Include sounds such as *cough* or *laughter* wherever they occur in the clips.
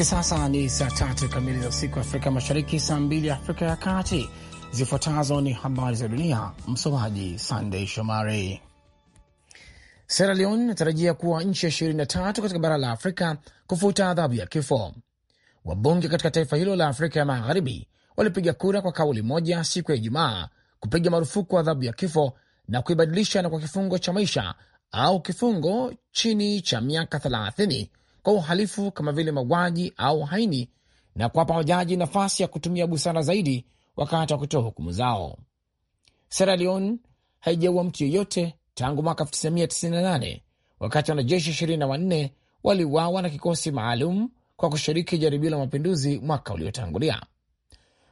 Hivi sasa ni saa tatu kamili za usiku wa Afrika Mashariki, saa mbili Afrika ya Kati. Zifuatazo ni habari za dunia, msomaji Sandey Shomari. Sierra Leone inatarajia kuwa nchi ya ishirini na tatu katika bara la Afrika kufuta adhabu ya kifo. Wabunge katika taifa hilo la Afrika ya Magharibi walipiga kura kwa kauli moja siku ya Ijumaa kupiga marufuku adhabu ya kifo na kuibadilisha na kwa kifungo cha maisha au kifungo chini cha miaka thelathini kwa uhalifu kama vile mauaji au haini na kuwapa majaji nafasi ya kutumia busara zaidi wakati wa kutoa hukumu zao. Sierra Leone haijaua mtu yeyote tangu mwaka 1998 wakati wanajeshi 2 na waliuawa na kikosi maalum kwa kushiriki jaribio la mapinduzi mwaka uliotangulia.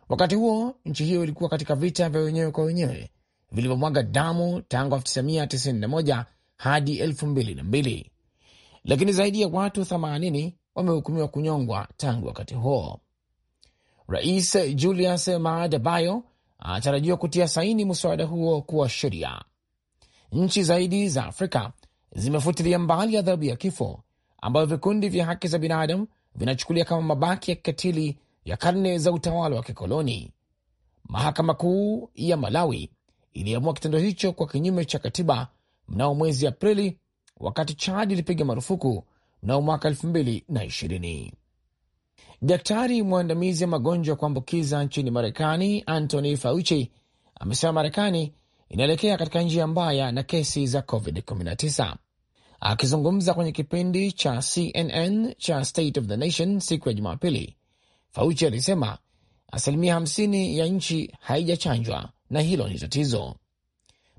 Wakati huo nchi hiyo ilikuwa katika vita vya wenyewe kwa wenyewe vilivyomwaga damu tangu 1991 hadi 2002 lakini zaidi ya watu 80 wamehukumiwa kunyongwa tangu wakati huo. Rais Julius Maada Bio anatarajiwa kutia saini mswada huo kuwa sheria. Nchi zaidi za Afrika zimefutilia mbali adhabu ya kifo ambayo vikundi vya haki za binadamu vinachukulia kama mabaki ya kikatili ya karne za utawala wa kikoloni. Mahakama Kuu ya Malawi iliamua kitendo hicho kwa kinyume cha katiba mnao mwezi Aprili wakati Chad ilipiga marufuku mnamo mwaka elfu mbili na ishirini. Daktari mwandamizi wa magonjwa ya kuambukiza nchini Marekani Anthony Fauci amesema Marekani inaelekea katika njia mbaya na kesi za COVID-19. Akizungumza kwenye kipindi cha CNN cha State of the Nation siku ya Jumapili, Fauci alisema asilimia 50 ya nchi haijachanjwa na hilo ni tatizo.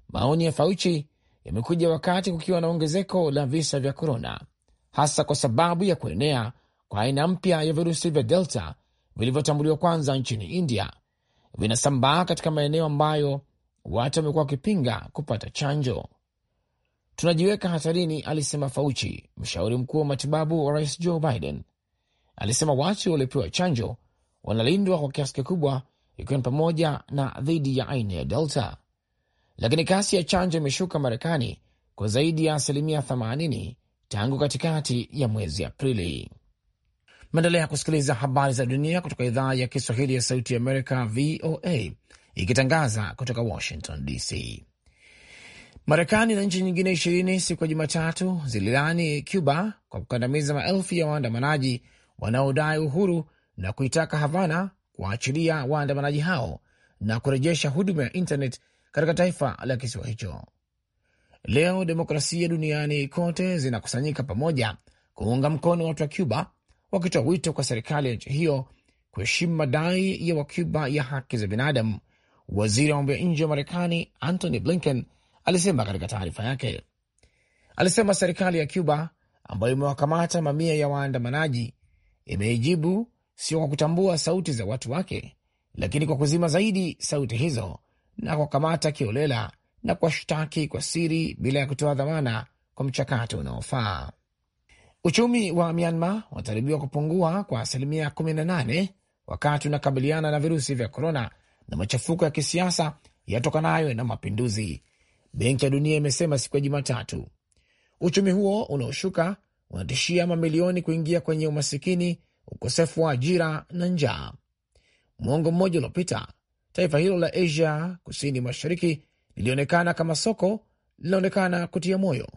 Maoni ya Fauci yamekuja wakati kukiwa na ongezeko la visa vya korona, hasa kwa sababu ya kuenea kwa aina mpya ya virusi vya Delta vilivyotambuliwa kwanza nchini India, vinasambaa katika maeneo ambayo watu wamekuwa wakipinga kupata chanjo. Tunajiweka hatarini, alisema fauchi mshauri mkuu wa matibabu wa Rais Joe Biden. Alisema watu waliopewa chanjo wanalindwa kwa kiasi kikubwa, ikiwa ni pamoja na dhidi ya aina ya Delta lakini kasi ya chanjo imeshuka Marekani kwa zaidi ya asilimia 80 tangu katikati ya mwezi Aprili. Mnaendelea kusikiliza habari za dunia kutoka idhaa ya Kiswahili ya Sauti Amerika, VOA, ikitangaza kutoka Washington DC, Marekani. Na nchi nyingine ishirini siku ya Jumatatu zililani Cuba kwa kukandamiza maelfu ya waandamanaji wanaodai uhuru na kuitaka Havana kuwaachilia waandamanaji hao na kurejesha huduma ya intaneti katika taifa la kisiwa hicho. Leo demokrasia duniani kote zinakusanyika pamoja kuunga mkono watu wa Cuba, wakitoa wito kwa serikali ya nchi hiyo kuheshimu madai ya Wacuba ya haki za binadamu. Waziri wa mambo ya nje wa Marekani Antony Blinken alisema katika taarifa yake, alisema serikali ya Cuba ambayo imewakamata mamia ya waandamanaji imeijibu sio kwa kutambua sauti za watu wake, lakini kwa kuzima zaidi sauti hizo na kuwakamata kiolela na kuwashtaki kwa siri bila ya kutoa dhamana kwa mchakato unaofaa. Uchumi wa Myanmar unatarajiwa kupungua kwa asilimia 18 wakati unakabiliana na virusi vya korona na machafuko ya kisiasa yatokanayo na mapinduzi. Benki ya Dunia imesema siku ya Jumatatu uchumi huo unaoshuka unatishia mamilioni kuingia kwenye umasikini, ukosefu wa ajira na njaa. Mwongo mmoja uliopita taifa hilo la Asia kusini mashariki lilionekana kama soko linaonekana kutia moyo,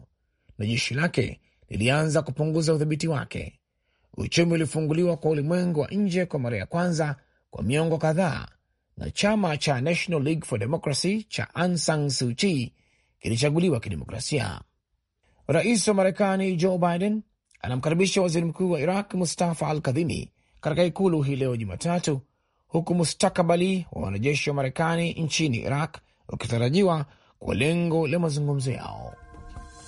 na jeshi lake lilianza kupunguza udhibiti wake. Uchumi ulifunguliwa kwa ulimwengu wa nje kwa mara ya kwanza kwa miongo kadhaa, na chama cha National League for Democracy cha Aung San Suu Kyi kilichaguliwa kidemokrasia. Rais wa Marekani Joe Biden anamkaribisha waziri mkuu wa Iraq Mustafa Al Kadhimi katika ikulu hii leo Jumatatu huku mustakabali wa wanajeshi wa Marekani nchini Iraq ukitarajiwa kwa lengo la mazungumzo yao.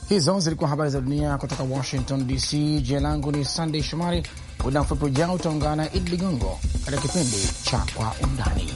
Hizo zilikuwa habari za dunia kutoka Washington DC. Jina langu ni Sandey Shomari. Muda mfupi ujao utaungana na Idi Ligongo katika kipindi cha Kwa Undani.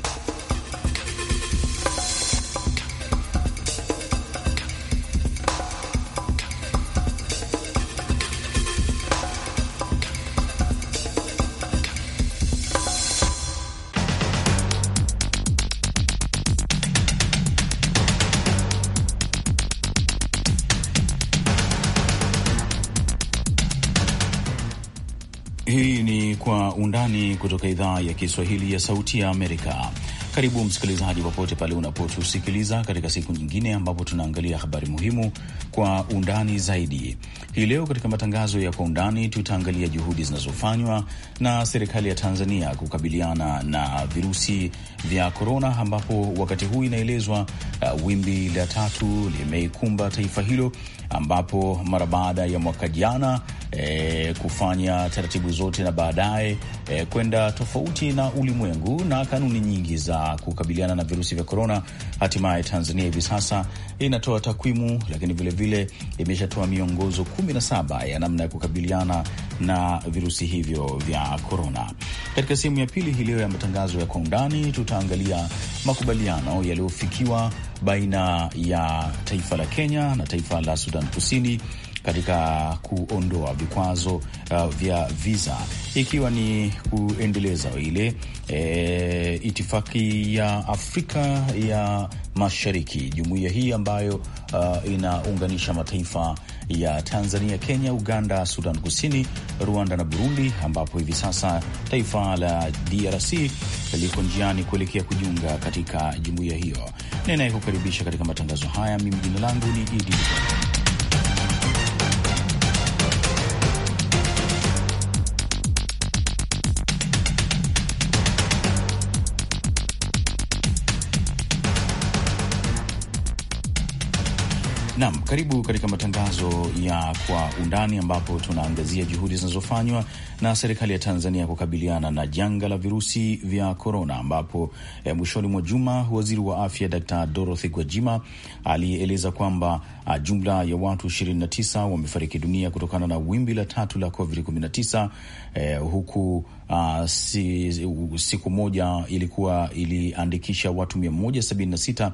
kutoka idhaa ya Kiswahili ya Sauti ya Amerika. Karibu msikilizaji, popote pale unapotusikiliza katika siku nyingine ambapo tunaangalia habari muhimu kwa undani zaidi. Hii leo katika matangazo ya kwa undani tutaangalia juhudi zinazofanywa na serikali ya Tanzania kukabiliana na virusi vya korona, ambapo wakati huu inaelezwa uh, wimbi la tatu limeikumba taifa hilo ambapo mara baada ya mwaka jana e, kufanya taratibu zote na baadaye e, kwenda tofauti na ulimwengu na kanuni nyingi za kukabiliana na virusi vya korona. Hatimaye Tanzania hivi sasa inatoa takwimu, lakini vilevile imeshatoa miongozo kumi na saba ya namna ya kukabiliana na virusi hivyo vya korona. Katika sehemu ya pili hii leo ya matangazo ya kwa undani, tutaangalia makubaliano yaliyofikiwa baina ya taifa la Kenya na taifa la Sudan Kusini katika kuondoa vikwazo uh, vya visa ikiwa ni kuendeleza ile e, itifaki ya Afrika ya Mashariki, jumuiya hii ambayo uh, inaunganisha mataifa ya Tanzania, Kenya, Uganda, Sudan Kusini, Rwanda na Burundi, ambapo hivi sasa taifa la DRC liko njiani kuelekea kujiunga katika jumuiya hiyo. Ninayekukaribisha katika matangazo haya, mimi jina langu ni Idi. Karibu katika matangazo ya Kwa Undani, ambapo tunaangazia juhudi zinazofanywa na serikali ya Tanzania kukabiliana na janga la virusi vya korona, ambapo eh, mwishoni mwa juma waziri wa afya Dr Dorothy Gwajima alieleza kwamba uh, jumla ya watu 29 wamefariki dunia kutokana na wimbi la tatu la COVID-19 eh, huku Uh, si, siku moja ilikuwa iliandikisha watu 176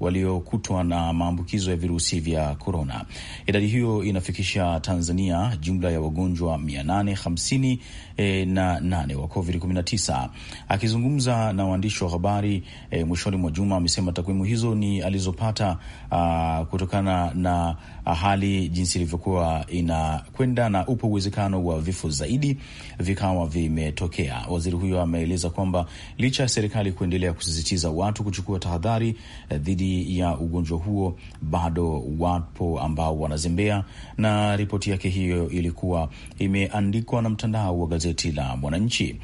waliokutwa na maambukizo ya virusi vya korona. Idadi hiyo inafikisha Tanzania jumla ya wagonjwa 858 e, wa COVID-19. Akizungumza na waandishi wa habari e, mwishoni mwa juma, amesema takwimu hizo ni alizopata a, kutokana na hali jinsi ilivyokuwa inakwenda na upo uwezekano wa vifo zaidi vikawa vimetokea. Waziri huyo ameeleza kwamba licha ya serikali kuendelea kusisitiza watu kuchukua tahadhari e, dhidi ya ugonjwa huo, bado wapo ambao wanazembea, na ripoti yake hiyo ilikuwa imeandikwa na mtandao wa gazeti la Mwananchi.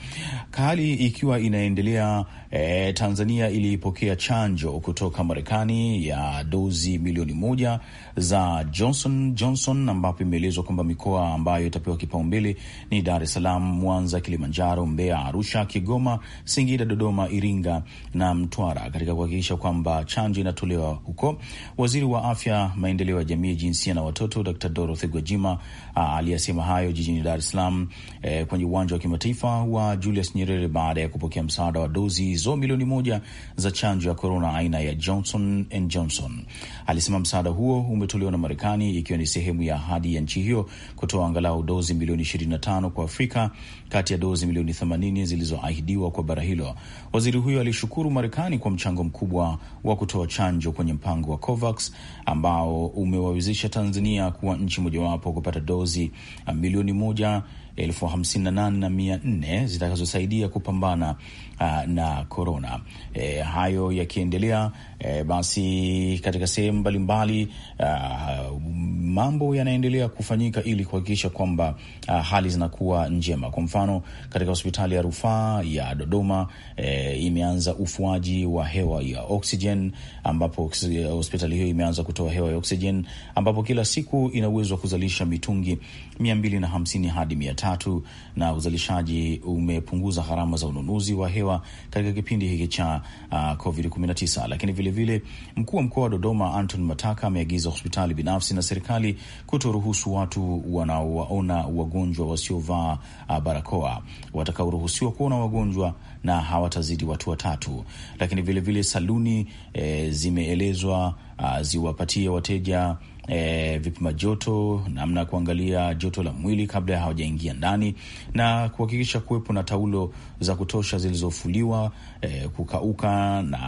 Hali ikiwa inaendelea E, Tanzania ilipokea chanjo kutoka Marekani ya dozi milioni moja za Johnson Johnson, ambapo imeelezwa kwamba mikoa ambayo itapewa kipaumbele ni Dar es Salaam, Mwanza, Kilimanjaro, Mbeya, Arusha, Kigoma, Singida, Dodoma, Iringa na Mtwara, katika kuhakikisha kwamba chanjo inatolewa huko. Waziri wa Afya, Maendeleo ya Jamii, Jinsia na Watoto Dr. Dorothy Gwajima aliyasema hayo jijini Dar es Salaam, e, kwenye uwanja wa kimataifa wa Julius Nyerere baada ya kupokea msaada wa dozi hizo milioni moja za chanjo ya korona aina ya Johnson and Johnson. Alisema msaada huo umetolewa na Marekani ikiwa ni sehemu ya ahadi ya nchi hiyo kutoa angalau dozi milioni 25 kwa Afrika kati ya dozi milioni 80 zilizoahidiwa kwa bara hilo. Waziri huyo alishukuru Marekani kwa mchango mkubwa wa kutoa chanjo kwenye mpango wa COVAX ambao umewawezesha Tanzania kuwa nchi mojawapo kupata dozi milioni moja elfu hamsini na nane na mia nne zitakazosaidia kupambana uh, na korona. E, eh, hayo yakiendelea, e, basi katika sehemu mbalimbali uh, mambo yanaendelea kufanyika ili kuhakikisha kwamba uh, hali zinakuwa njema. Kwa mfano katika hospitali ya rufaa ya Dodoma e, imeanza ufuaji wa hewa ya oksijen, ambapo hospitali hiyo imeanza kutoa hewa ya oksijen, ambapo kila siku ina uwezo wa kuzalisha mitungi mia mbili na hamsini hadi mia tatu na uzalishaji umepunguza gharama za ununuzi wa hewa hewa katika kipindi hiki cha uh, COVID-19. Lakini vilevile mkuu wa mkoa wa Dodoma Anton Mataka ameagiza hospitali binafsi na serikali kutoruhusu watu wanaowaona wagonjwa wasiovaa uh, barakoa. Watakaoruhusiwa kuona wagonjwa na hawatazidi watu watatu. Lakini vilevile vile saluni eh, zimeelezwa uh, ziwapatie wateja e, eh, vipima joto, namna ya kuangalia joto la mwili kabla hawajaingia ndani na kuhakikisha kuwepo na taulo za kutosha zilizofuliwa, e, kukauka na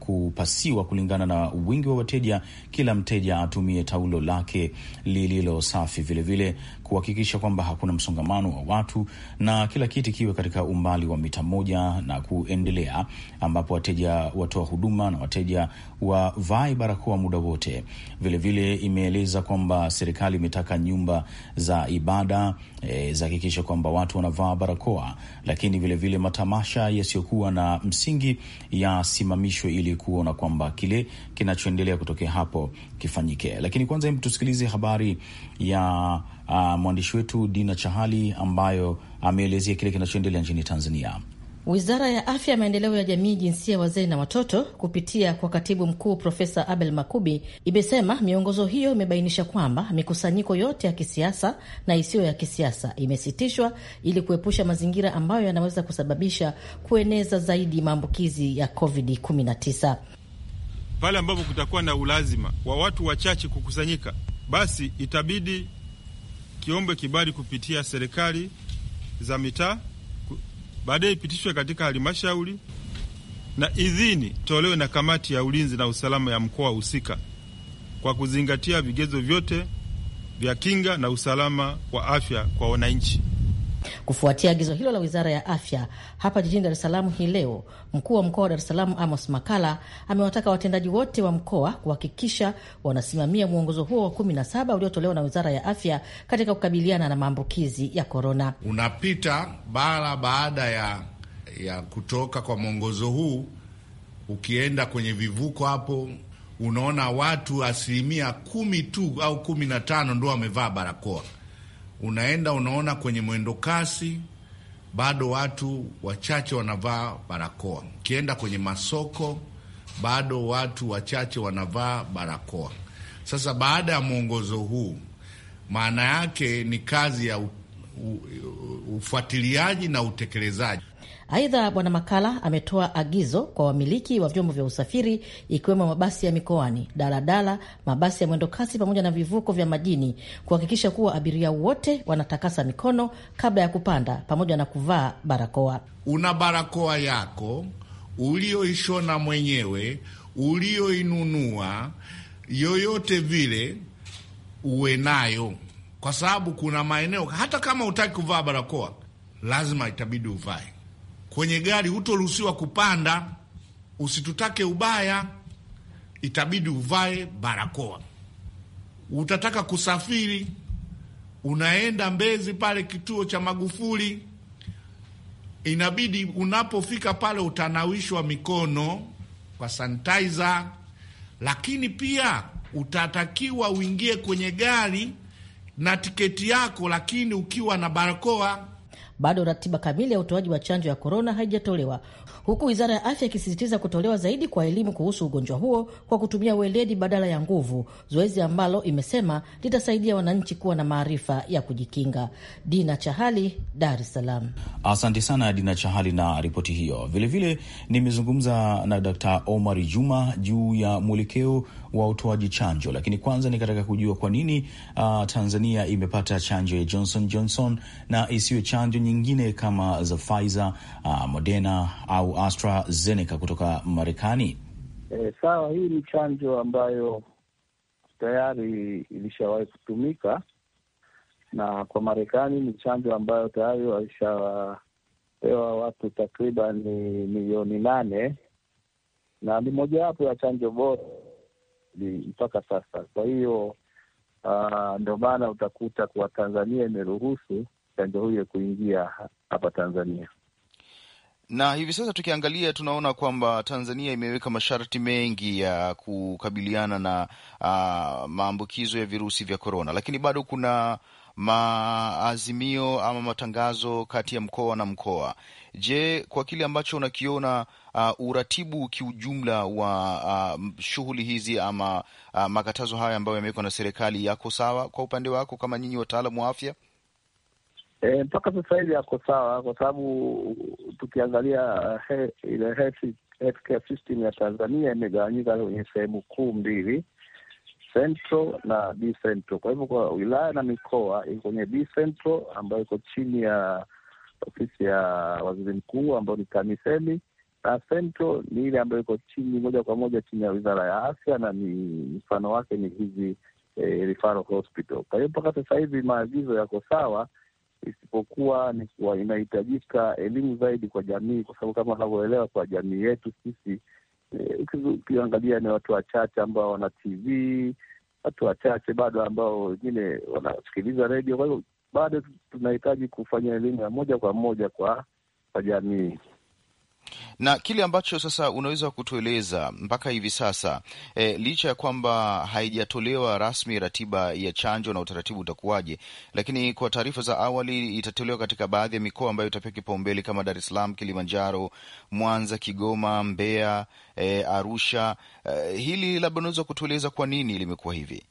kupasiwa kulingana na wingi wa wateja. Kila mteja atumie taulo lake lililo safi. Vilevile kuhakikisha kwamba hakuna msongamano wa watu na kila kiti kiwe katika umbali wa mita moja na kuendelea, ambapo wateja watoa huduma na wateja wavae barakoa muda wote. Vilevile imeeleza kwamba serikali imetaka nyumba za ibada e, zahakikisha kwamba watu wanavaa barakoa, lakini vilevile vile matamasha yasiyokuwa na msingi yasimamishwe ili kuona kwamba kile kinachoendelea kutokea hapo kifanyike. Lakini kwanza, hebu tusikilize habari ya uh, mwandishi wetu Dina Chahali ambayo ameelezea kile kinachoendelea nchini Tanzania. Wizara ya Afya, Maendeleo ya Jamii, Jinsia, Wazee na Watoto kupitia kwa katibu mkuu Profesa Abel Makubi imesema miongozo hiyo imebainisha kwamba mikusanyiko yote ya kisiasa na isiyo ya kisiasa imesitishwa ili kuepusha mazingira ambayo yanaweza kusababisha kueneza zaidi maambukizi ya COVID-19. Pale ambapo kutakuwa na ulazima wa watu wachache kukusanyika, basi itabidi kiombe kibali kupitia serikali za mitaa, baadaye ipitishwe katika halmashauri na idhini tolewe na kamati ya ulinzi na usalama ya mkoa husika kwa kuzingatia vigezo vyote vya kinga na usalama wa afya kwa wananchi. Kufuatia agizo hilo la wizara ya afya, hapa jijini Dar es Salaam hii leo, mkuu wa mkoa wa Dar es Salaam Amos Makala amewataka watendaji wote wa mkoa kuhakikisha wanasimamia mwongozo huo wa kumi na saba uliotolewa na wizara ya afya katika kukabiliana na maambukizi ya korona. Unapita bara baada ya, ya kutoka kwa mwongozo huu, ukienda kwenye vivuko hapo unaona watu asilimia kumi tu au kumi na tano ndo wamevaa barakoa unaenda unaona kwenye mwendo kasi bado watu wachache wanavaa barakoa. Ukienda kwenye masoko bado watu wachache wanavaa barakoa. Sasa baada ya mwongozo huu, maana yake ni kazi ya ufuatiliaji na utekelezaji. Aidha, Bwana Makala ametoa agizo kwa wamiliki wa vyombo vya usafiri ikiwemo mabasi ya mikoani, daladala, mabasi ya mwendokasi pamoja na vivuko vya majini kuhakikisha kuwa abiria wote wanatakasa mikono kabla ya kupanda pamoja na kuvaa barakoa. Una barakoa yako ulioishona mwenyewe ulioinunua, yoyote vile uwe nayo, kwa sababu kuna maeneo hata kama hutaki kuvaa barakoa lazima itabidi uvae kwenye gari hutoruhusiwa kupanda. Usitutake ubaya, itabidi uvae barakoa. Utataka kusafiri, unaenda Mbezi pale kituo cha Magufuli, inabidi unapofika pale utanawishwa mikono kwa sanitizer, lakini pia utatakiwa uingie kwenye gari na tiketi yako, lakini ukiwa na barakoa bado ratiba kamili ya utoaji wa chanjo ya korona haijatolewa, huku wizara ya afya ikisisitiza kutolewa zaidi kwa elimu kuhusu ugonjwa huo kwa kutumia weledi badala ya nguvu, zoezi ambalo imesema litasaidia wananchi kuwa na maarifa ya kujikinga. Dina Chahali, Dar es Salaam. Asante sana Dina Chahali na ripoti hiyo. Vilevile nimezungumza na Dkt. Omar Juma juu ya mwelekeo wa utoaji chanjo, lakini kwanza ni kataka kujua kwa nini uh, Tanzania imepata chanjo ya Johnson Johnson na isiyo chanjo nyingine kama za Pfizer, uh, Moderna au AstraZeneca kutoka Marekani. E, sawa, hii ni chanjo ambayo tayari ilishawahi kutumika na kwa Marekani ni chanjo ambayo tayari walishapewa watu takriban milioni nane na ni mojawapo ya chanjo bora mpaka sasa. Kwa hiyo uh, ndio maana utakuta kuwa Tanzania imeruhusu chanjo hiyo kuingia hapa Tanzania na hivi sasa tukiangalia tunaona kwamba Tanzania imeweka masharti mengi ya kukabiliana na uh, maambukizo ya virusi vya korona, lakini bado kuna maazimio ama matangazo kati ya mkoa na mkoa. Je, kwa kile ambacho unakiona uh, uratibu kiujumla wa uh, shughuli hizi ama uh, makatazo haya ambayo yamewekwa na serikali yako sawa kwa upande wako kama nyinyi wataalamu wa afya? E, mpaka sasa hivi yako sawa, kwa sababu tukiangalia uh, ile system ya Tanzania imegawanyika kwenye sehemu kuu mbili central na decentral. Kwa hivyo kwa wilaya na mikoa iko kwenye decentral ambayo iko chini ya ofisi ya waziri mkuu ambayo ni TAMISEMI, na central ni ile ambayo iko chini moja kwa moja chini ya wizara ya afya, na ni mfano wake ni hizi eh, referral hospital. Kwa hiyo mpaka sasa hivi maagizo yako sawa, isipokuwa ni kuwa inahitajika elimu zaidi kwa jamii, kwa sababu kama unavyoelewa kwa jamii yetu sisi Eh, ukiangalia ni watu wachache ambao wana TV, watu wachache bado ambao wengine wanasikiliza redio. Kwa hiyo bado tunahitaji kufanya elimu ya moja kwa moja kwa kwa jamii na kile ambacho sasa unaweza kutueleza mpaka hivi sasa e, licha ya kwamba haijatolewa rasmi ratiba ya chanjo na utaratibu utakuwaje, lakini kwa taarifa za awali itatolewa katika baadhi ya mikoa ambayo itapewa kipaumbele kama Dar es Salaam, Kilimanjaro, Mwanza, Kigoma, Mbeya, e, Arusha. E, hili labda unaweza kutueleza kwa nini limekuwa hivi?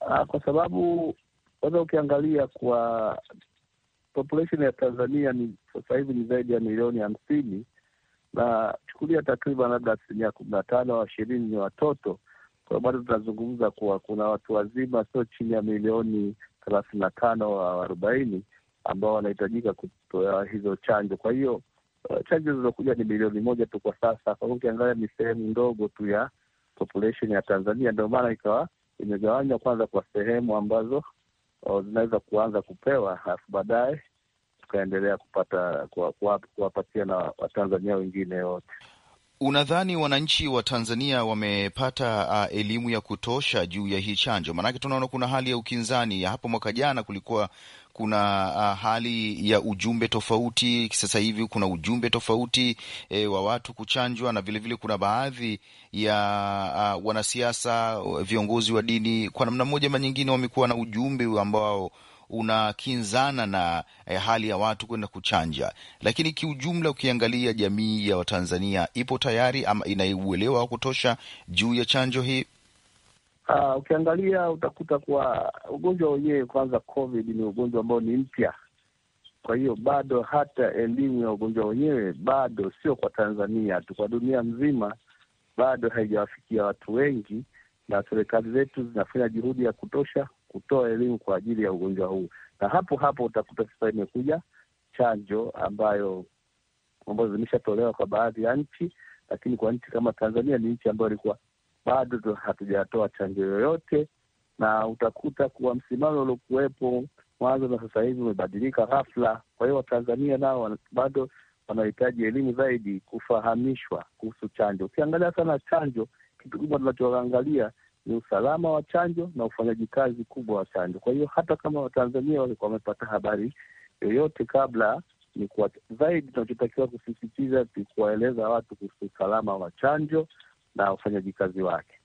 Ah, kwa sababu kwanza ukiangalia kwa population ya Tanzania ni sasa hivi ni zaidi ya milioni hamsini na chukulia takriban labda asilimia kumi na tano au ishirini ni watoto. Kwa bado tunazungumza kuwa kuna watu wazima sio chini ya milioni thelathini na tano au arobaini ambao wanahitajika kutoa hizo chanjo. Kwa hiyo eh, chanjo zilizokuja ni milioni moja tu kwa sasa. Kwa hiyo ukiangalia ni sehemu ndogo tu ya population ya Tanzania, ndio maana ikawa imegawanywa kwanza kwa sehemu ambazo oh, zinaweza kuanza kupewa, halafu baadaye tukaendelea kupata kuwapatia na Watanzania wengine wote. Unadhani wananchi wa Tanzania wamepata uh, elimu ya kutosha juu ya hii chanjo? Maanake tunaona kuna hali ya ukinzani. Hapo mwaka jana kulikuwa kuna uh, hali ya ujumbe tofauti, sasa hivi kuna ujumbe tofauti eh, wa watu kuchanjwa, na vilevile vile kuna baadhi ya uh, wanasiasa, viongozi wa dini, kwa namna moja ama nyingine wamekuwa na ujumbe ambao unakinzana na eh, hali ya watu kwenda kuchanja, lakini kiujumla, ukiangalia jamii ya Watanzania ipo tayari ama inaiuelewa wa kutosha juu ya chanjo hii? Uh, ukiangalia utakuta kuwa ugonjwa wenyewe kwanza, COVID ni ugonjwa ambao ni mpya, kwa hiyo bado hata elimu ya ugonjwa wenyewe bado sio kwa Tanzania tu, kwa dunia mzima bado haijawafikia watu wengi, na serikali zetu zinafanya juhudi ya kutosha kutoa elimu kwa ajili ya ugonjwa huu, na hapo hapo utakuta sasa imekuja chanjo ambayo ambazo zimeshatolewa kwa baadhi ya nchi, lakini kwa nchi kama Tanzania ni nchi ambayo ilikuwa bado hatujatoa chanjo yoyote, na utakuta kuwa msimamo uliokuwepo mwanzo na sasa hivi umebadilika ghafla. Kwa hiyo Watanzania nao bado wanahitaji elimu zaidi, kufahamishwa kuhusu chanjo. Ukiangalia sana chanjo, kitu kubwa tunachoangalia ni usalama wa chanjo na ufanyaji kazi kubwa wa chanjo. Kwa hiyo hata kama Watanzania walikuwa wamepata habari yoyote kabla, ni kwa zaidi tunachotakiwa kusisitiza ni kuwaeleza watu kuhusu usalama wa chanjo na ufanyaji kazi wake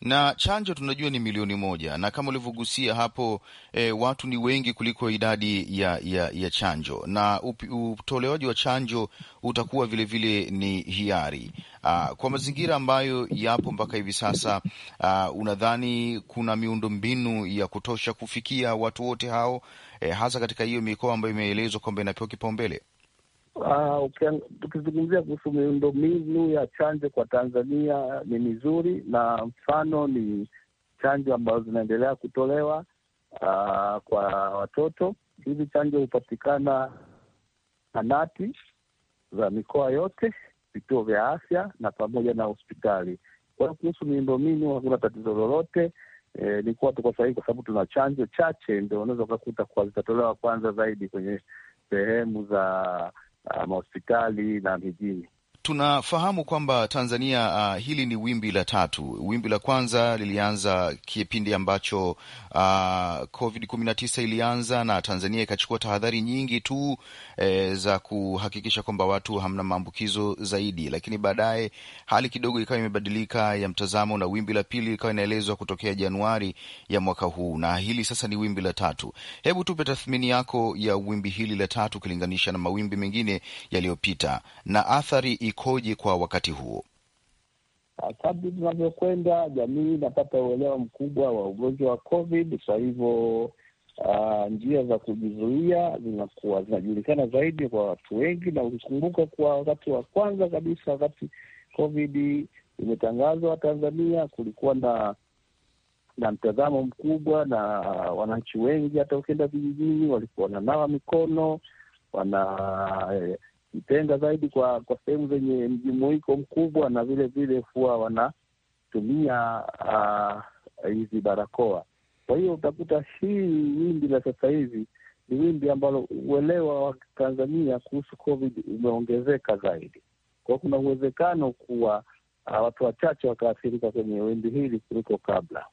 na chanjo tunajua ni milioni moja na kama ulivyogusia hapo e, watu ni wengi kuliko idadi ya, ya, ya chanjo na utolewaji wa chanjo utakuwa vilevile vile ni hiari. Aa, ah, kwa mazingira ambayo yapo mpaka hivi sasa, ah, unadhani kuna miundombinu ya kutosha kufikia watu wote hao e, hasa katika hiyo mikoa ambayo imeelezwa kwamba inapewa kipaumbele? Ah, tukizungumzia kuhusu miundombinu ya chanjo kwa Tanzania ni mizuri, na mfano ni chanjo ambazo zinaendelea kutolewa uh, kwa watoto. Hizi chanjo hupatikana anati za mikoa yote, vituo vya afya na pamoja na hospitali. Kwa hiyo kuhusu miundombinu hakuna tatizo lolote. E, ni kuwa tuko sahihi kwa sababu tuna chanjo chache, ndio unaweza ukakuta kuwa zitatolewa kwanza zaidi kwenye sehemu za Uh, mahospitali na mijini tunafahamu kwamba Tanzania uh, hili ni wimbi la tatu. Wimbi la kwanza lilianza kipindi ambacho uh, ah, Covid 19 ilianza na Tanzania ikachukua tahadhari nyingi tu eh, za kuhakikisha kwamba watu hamna maambukizo zaidi, lakini baadaye hali kidogo ikawa imebadilika ya mtazamo, na wimbi la pili ikawa inaelezwa kutokea Januari ya mwaka huu, na hili sasa ni wimbi la tatu. Hebu tupe tathmini yako ya wimbi hili la tatu ukilinganisha na mawimbi mengine yaliyopita na athari ikoje kwa wakati huo? Ah, kadri tunavyokwenda, jamii inapata uelewa mkubwa wa ugonjwa wa COVID. Kwa hivyo uh, njia za kujizuia zinakuwa zinajulikana zaidi kwa watu wengi, na ukikumbuka kuwa wakati wa kwanza kabisa, wakati COVID imetangazwa Tanzania, kulikuwa na na mtazamo mkubwa, na wananchi wengi hata ukienda vijijini walikuwa wananawa mikono, wana wanajitenga zaidi kwa kwa sehemu zenye mjumuiko mkubwa, na vile vile huwa wanatumia ah, hizi uh, barakoa. Kwa hiyo utakuta hii wimbi la sasa hivi ni wimbi ambalo uelewa wa Tanzania kuhusu COVID umeongezeka zaidi. Kwa kuna uwezekano kuwa uh, watu wachache wakaathirika kwenye wimbi hili kuliko kabla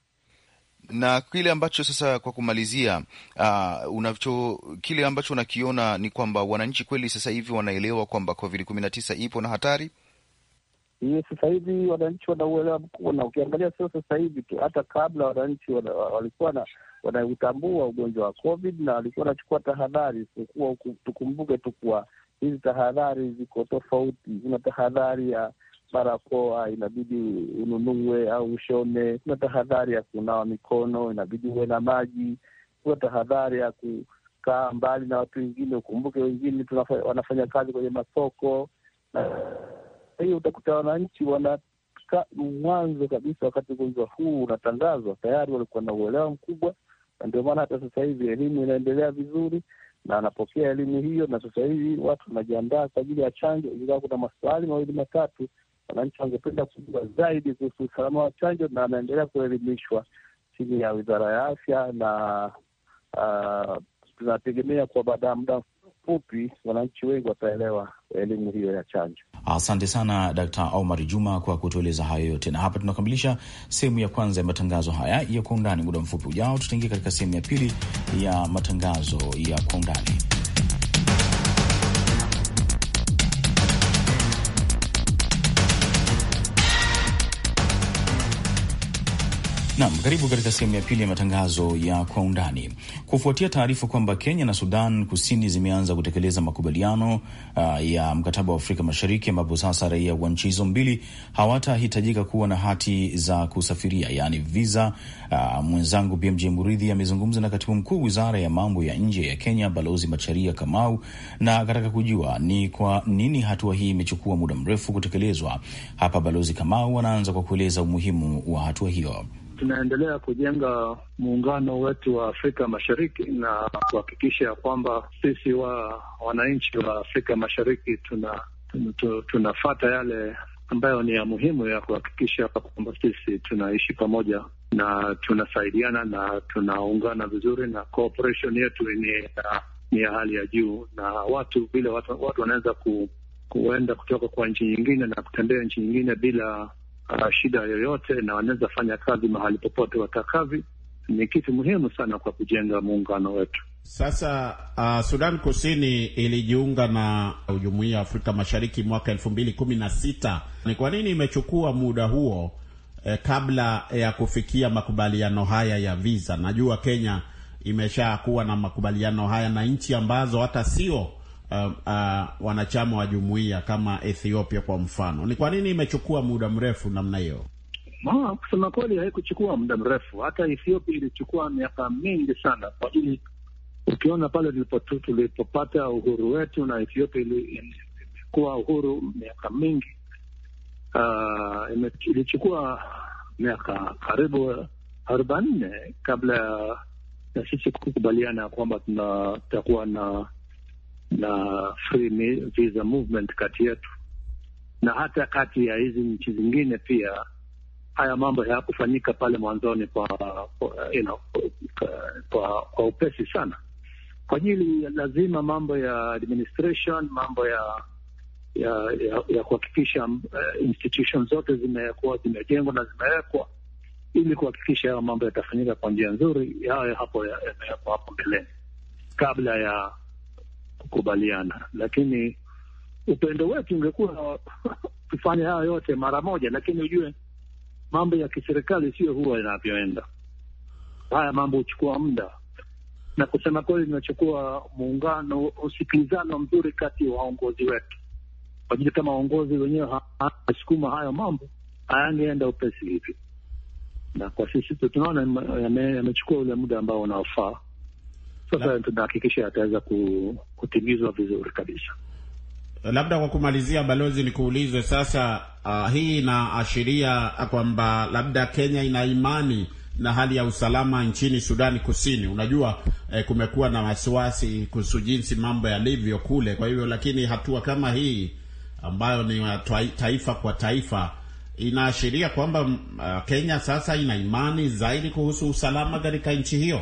na kile ambacho sasa kwa kumalizia, uh, unacho kile ambacho unakiona ni kwamba wananchi kweli sasa hivi wanaelewa kwamba covid kumi na tisa ipo na hatari hii. Sasa hivi wananchi wanauelewa mkubwa, na ukiangalia sio sasa hivi tu, hata kabla wananchi walikuwa wanautambua ugonjwa wa covid na walikuwa wanachukua tahadhari. Tukumbuke tu kuwa hizi tahadhari ziko tofauti, kuna tahadhari ya barakoa inabidi ununue au ushone. Kuna tahadhari ya kunawa mikono, inabidi uwe na maji. Kuna tahadhari ya kukaa mbali na watu wengine, ukumbuke wengine wanafanya kazi kwenye masoko. Kwa hiyo utakuta wananchi wana mwanzo kabisa, wakati ugonjwa huu unatangazwa, tayari walikuwa na uelewa mkubwa, na ndio maana hata sasa hivi elimu inaendelea vizuri na anapokea elimu hiyo, na sasa hivi watu wanajiandaa kwa ajili ya chanjo. Ingawa kuna maswali mawili matatu Wananchi wangependa kujua zaidi kuhusu usalama wa chanjo, na anaendelea kuelimishwa chini ya wizara ya afya, na uh, tunategemea kwa baada ya muda fupi wananchi wengi wataelewa elimu hiyo ya chanjo. Asante sana Dakta Omar Juma kwa kutueleza hayo yote, na hapa tunakamilisha sehemu ya kwanza ya matangazo haya ya Kwa Undani. Muda mfupi ujao, tutaingia katika sehemu ya pili ya matangazo ya Kwa Undani. Nam, karibu katika sehemu ya pili ya matangazo ya kwa undani. Kufuatia taarifa kwamba Kenya na Sudan Kusini zimeanza kutekeleza makubaliano uh, ya mkataba wa Afrika Mashariki, ambapo sasa raia wa nchi hizo mbili hawatahitajika kuwa na hati za kusafiria, yaani visa. Uh, mwenzangu BMJ Muridhi amezungumza na katibu mkuu wizara ya mambo ya nje ya Kenya, Balozi Macharia Kamau, na kataka kujua ni kwa nini hatua hii imechukua muda mrefu kutekelezwa. Hapa Balozi Kamau anaanza kwa kueleza umuhimu wa hatua hiyo tunaendelea kujenga muungano wetu wa Afrika Mashariki na kuhakikisha kwamba sisi wa wananchi wa Afrika Mashariki tuna, tuna, tunafata yale ambayo ni ya muhimu ya kuhakikisha kwamba sisi tunaishi pamoja na tunasaidiana na tunaungana vizuri, na cooperation yetu ni, ni ya hali ya juu, na watu vile watu, watu wanaweza ku, kuenda kutoka kwa nchi nyingine na kutembea nchi nyingine bila uh, shida yoyote, na wanaweza fanya kazi mahali popote watakavyo. Ni kitu muhimu sana kwa kujenga muungano wetu. Sasa uh, Sudan Kusini ilijiunga na Jumuiya ya Afrika Mashariki mwaka elfu mbili kumi na sita. Ni kwa nini imechukua muda huo eh, kabla ya kufikia makubaliano haya ya visa? Najua Kenya imeshakuwa na makubaliano haya na nchi ambazo hata sio uh, uh, wanachama wa jumuiya kama Ethiopia kwa mfano? Ni kwa nini imechukua muda mrefu namna hiyo? Kusema kweli, haikuchukua muda mrefu. Hata Ethiopia ilichukua miaka mingi sana, kwa ajili ukiona pale tulipopata uhuru wetu na Ethiopia ilikuwa uhuru miaka mingi uh, ilichukua miaka karibu arobaini kabla ya sisi kukubaliana kwamba tutakuwa na na free visa movement kati yetu na hata kati ya hizi nchi zingine pia. Haya mambo hayakufanyika pale mwanzoni kwa you know, kwa kwa upesi sana, kwa ajili lazima mambo ya administration, mambo ya ya, ya, ya kuhakikisha uh, eh, institution zote zimekuwa zimejengwa na zimewekwa ili kuhakikisha hayo mambo yatafanyika kwa njia nzuri. yayo hapo yamewekwa hapo mbeleni kabla ya kukubaliana, lakini upendo wetu ungekuwa *laughs* tufanye haya yote mara moja, lakini ujue mambo ya kiserikali sio huwa yanavyoenda. Haya mambo huchukua muda, na kusema kweli, inachukua muungano, usikilizano mzuri kati ya waongozi wetu, kwa ajili kama waongozi wenyewe hawasukuma hayo mambo hayangeenda upesi hivi, na kwa sisi tunaona yamechukua yame ule muda ambao unaofaa sasa tunahakikisha yataweza kutimizwa vizuri kabisa. Labda kwa kumalizia, balozi, nikuulize sasa, uh, hii inaashiria kwamba labda Kenya ina imani na hali ya usalama nchini Sudani Kusini. Unajua eh, kumekuwa na wasiwasi kuhusu jinsi mambo yalivyo kule. Kwa hivyo, lakini hatua kama hii ambayo ni taifa kwa taifa inaashiria kwamba uh, Kenya sasa ina imani zaidi kuhusu usalama katika nchi hiyo.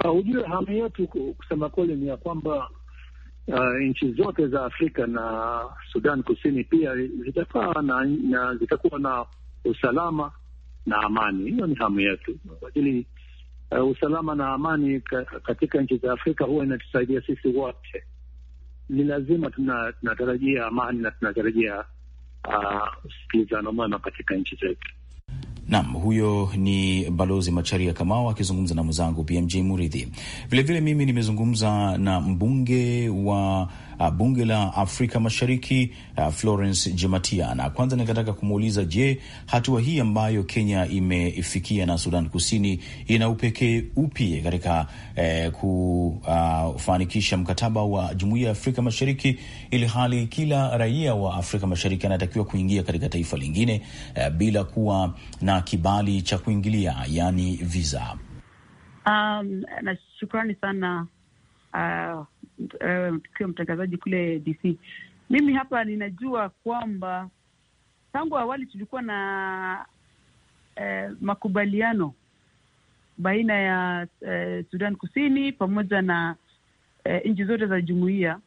Ah, hujue, hamu yetu kusema kweli ni ya kwamba uh, nchi zote za Afrika na Sudan Kusini pia zitakaa na, na zitakuwa na usalama na amani. Hiyo ni hamu yetu kwa ajili uh, usalama na amani katika nchi za Afrika huwa inatusaidia sisi wote. Ni lazima tunatarajia amani na tunatarajia usikilizano mwema katika nchi zetu. Nam, huyo ni Balozi Macharia Kamau akizungumza na mwenzangu BMJ Muridhi. Vilevile mimi nimezungumza na mbunge wa uh, bunge la Afrika Mashariki uh, Florence Jematia, na kwanza nikataka kumuuliza, je, hatua hii ambayo Kenya imefikia na Sudan Kusini ina upekee upi katika eh, kufanikisha ah, uh, mkataba wa Jumuiya ya Afrika Mashariki, ili hali kila raia wa Afrika Mashariki anatakiwa kuingia katika taifa lingine eh, bila kuwa na kibali cha kuingilia, yani visa. Um, na shukrani sana uh, Eh, tukiwa mtangazaji kule DC. Mimi hapa ninajua kwamba tangu awali tulikuwa na uh, makubaliano baina ya uh, Sudan Kusini pamoja na uh, nchi zote za jumuiya,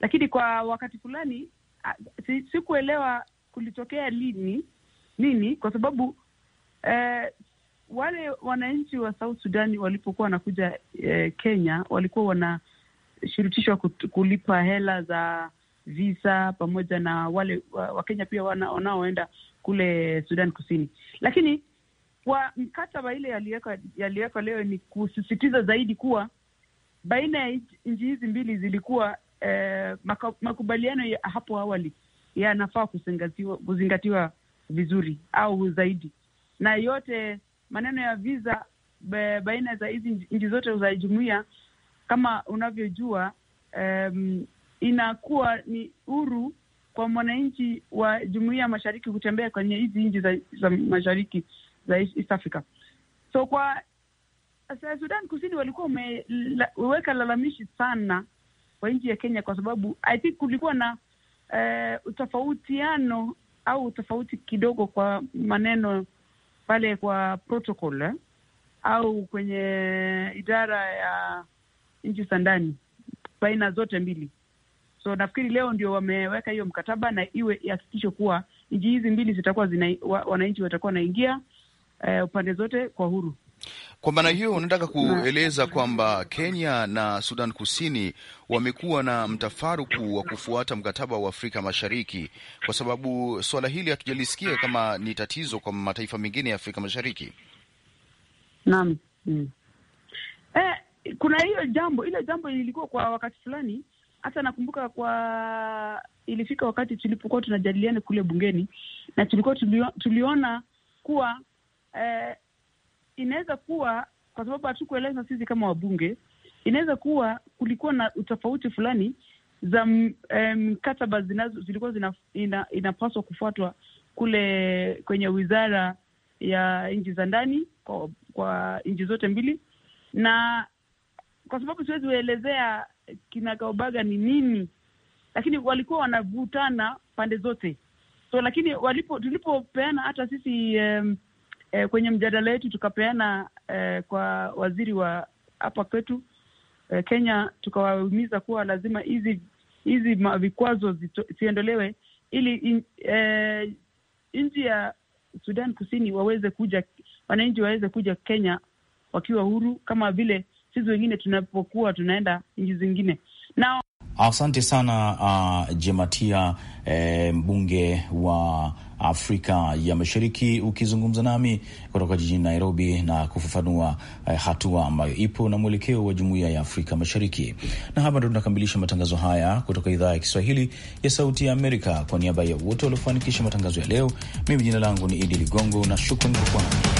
lakini kwa wakati fulani uh, sikuelewa kulitokea lini nini, kwa sababu uh, wale wananchi wa South Sudan walipokuwa wanakuja uh, Kenya walikuwa wana wanashurutishwa kulipa hela za visa pamoja na wale Wakenya pia wanaoenda kule Sudan Kusini, lakini kwa mkataba ile yaliwekwa leo ni kusisitiza zaidi kuwa baina ya nchi hizi mbili zilikuwa eh, makubaliano ya hapo awali yanafaa kuzingatiwa, kuzingatiwa vizuri au zaidi, na yote maneno ya visa baina za hizi nchi zote za jumuiya kama unavyojua um, inakuwa ni huru kwa mwananchi wa jumuiya ya mashariki kutembea kwenye hizi nchi za, za mashariki za East Africa. So kwa Sudan Kusini walikuwa wameweka lalamishi sana kwa nchi ya Kenya kwa sababu I think kulikuwa na uh, utofautiano au utofauti kidogo kwa maneno pale kwa protocol eh, au kwenye idara ya nchi za ndani baina zote mbili. So nafikiri leo ndio wameweka hiyo mkataba, na iwe ihakikisho kuwa nchi hizi mbili zitakuwa zina wananchi watakuwa wanaingia uh, upande zote kwa huru. Kwa maana hiyo unataka kueleza kwamba Kenya na Sudan Kusini wamekuwa na mtafaruku wa kufuata mkataba wa Afrika Mashariki, kwa sababu suala hili hatujalisikia kama ni tatizo kwa mataifa mengine ya Afrika Mashariki. Naam. Mm kuna hiyo jambo, ile jambo ilikuwa kwa wakati fulani, hata nakumbuka kwa ilifika wakati tulipokuwa tunajadiliana kule bungeni na tulikuwa tulio, tuliona kuwa eh, inaweza kuwa kwa sababu hatukueleza sisi kama wabunge, inaweza kuwa kulikuwa na utofauti fulani za eh, mkataba um, zinazo zilikuwa zina, ina, inapaswa kufuatwa kule kwenye wizara ya nchi za ndani kwa, kwa nchi zote mbili, na kwa sababu siwezi kuelezea kinagaubaga ni nini, lakini walikuwa wanavutana pande zote. So lakini walipo tulipopeana hata sisi um, E, kwenye mjadala wetu tukapeana e, kwa waziri wa hapa kwetu e, Kenya, tukawahimiza kuwa lazima hizi hizi vikwazo ziondolewe ili in, e, nchi ya Sudan Kusini waweze kuja wananchi waweze kuja Kenya wakiwa huru kama vile sisi wengine tunapokuwa tunaenda nchi zingine na Asante sana uh, Jematia eh, mbunge wa Afrika ya Mashariki, ukizungumza nami kutoka jijini Nairobi na kufafanua eh, hatua ambayo ipo na mwelekeo wa jumuiya ya Afrika Mashariki. Na hapa ndo tunakamilisha matangazo haya kutoka idhaa ya Kiswahili ya Sauti ya Amerika. Kwa niaba ya wote waliofanikisha matangazo ya leo, mimi jina langu ni Idi Ligongo na shukran kwa kuwa nami.